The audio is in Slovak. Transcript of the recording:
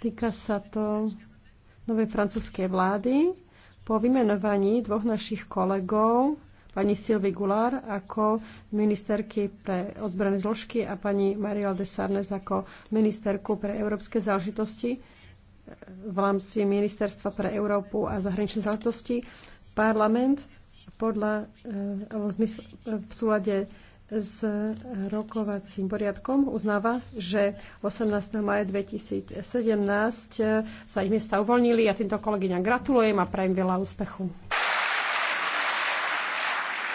Týka sa to novej francúzskej vlády po vymenovaní dvoch našich kolegov, pani Sylvie Goulard ako ministerky pre ozbrojené zložky a pani Marielle de Sarnes ako ministerku pre európske záležitosti v rámci Ministerstva pre Európu a zahraničné záležitosti. Parlament podľa, eh, v súlade s rokovacím poriadkom uznáva, že 18. maja 2017 sa ich miesta uvoľnili a ja týmto kolegyňam gratulujem a prajem veľa úspechu.